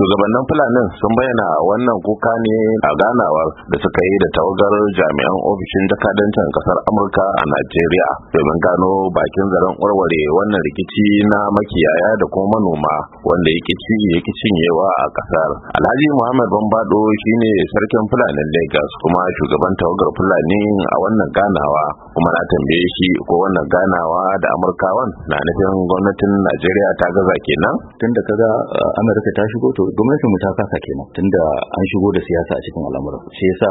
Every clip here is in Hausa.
shugabannin fulanin sun bayyana wannan kuka ne a ganawar da suka yi da tawagar jami'an ofishin jakadancin kasar amurka a najeriya domin gano bakin zaren warware wannan rikici na makiyaya da kuma manoma wanda yake ya yake cinyewa a kasar alhaji muhammad bambado shine sarkin fulanin lagos kuma shugaban tawagar fulani a wannan ganawa kuma na tambaye shi ko wannan ganawa da amurkawan na nufin gwamnatin najeriya ta gaza kenan tun da kaga uh, amurka ta shigo to gwamnatin mu ta kasa kenan tunda an shigo da siyasa a cikin al'amuran shi yasa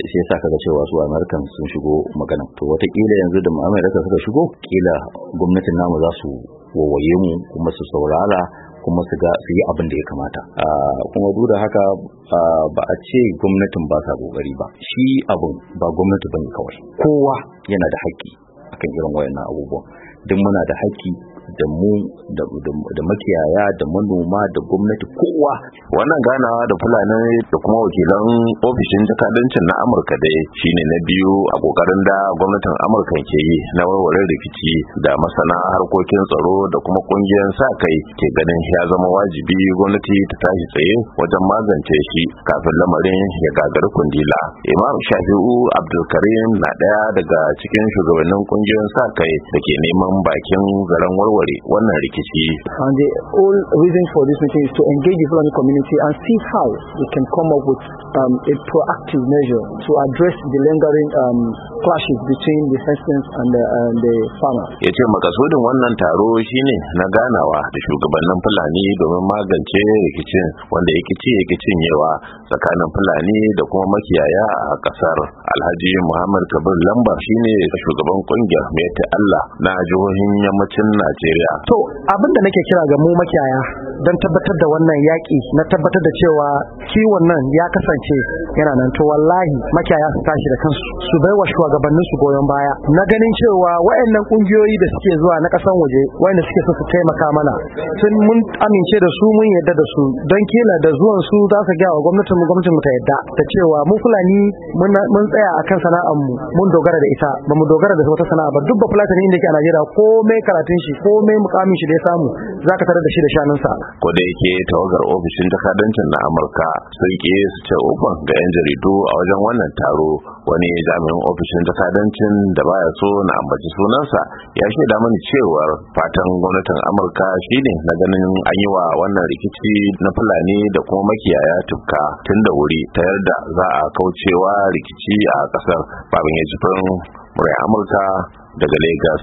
shi yasa kaga cewa su American sun shigo magana to watakila yanzu da America suka shigo kila gwamnatin namu za su wawaye mu kuma su saurara kuma su ga su yi abin da ya kamata kuma duk da haka ba a ce gwamnatin ba ta kokari ba shi abun ba gwamnati bane kawai kowa yana da haƙƙi akan irin wayannan abubuwan duk muna da haƙƙi da mu da makiyaya da manoma da gwamnati kowa wannan ganawa da fulani da kuma wakilan ofishin jakadancin na amurka da shine na biyu a kokarin da gwamnatin amurka ke yi na warware rikici da masana harkokin tsaro da kuma kungiyar sa kai ke ganin ya zama wajibi gwamnati ta tashi tsaye wajen magance shi kafin lamarin ya gagari kundila imam shafi'u abdulkarim na daya daga cikin shugabannin kungiyoyin sa kai da ke neman bakin zaren warware wannan rikici. And the whole reason for this meeting is to engage the Fulani community and see how we can come up with um, a proactive measure to address the lingering um, clashes between the residents and the, and the farmers. Ya ce makasudin wannan taro shine na ganawa da shugabannin Fulani domin magance rikicin wanda ya kici ya cinyewa tsakanin Fulani da kuma makiyaya a kasar. Alhaji Muhammad Kabir Lamba shine shugaban kungiyar ta Allah na jihohin yammacin Najeriya. To abin da nake kira ga mu makiyaya don tabbatar da wannan yaƙi na tabbatar da cewa kiwon nan ya kasance yana nan to wallahi makiyaya su tashi da kansu su bai wa shugabannin su goyon baya na ganin cewa wayannan kungiyoyi da suke zuwa na ƙasan waje wayanda suke so su taimaka mana sun mun amince da su mun yarda da su don kila da zuwan su za su gaya wa gwamnatin mu gwamnatin mu ta yarda da cewa mu fulani mun tsaya akan sana'ar mu mun dogara da ita ba mu dogara da wata sana'a ba duk ba ne inda yake a Najeriya komai karatun shi komai mukamin shi da ya samu za ka tarar da shi da shanunsa ko da yake tawagar ofishin jakadancin na Amurka sun ke su ce uban ga yan jaridu a wajen wannan taro wani jami'in ofishin jakadancin da baya so na ambaci sunansa ya shaida mani cewar fatan gwamnatin Amurka shine na ganin an yi wa wannan rikici na Fulani da kuma makiyaya tuka tun da wuri ta yarda za a kaucewa rikici a kasar babin ya murai amurka daga lagos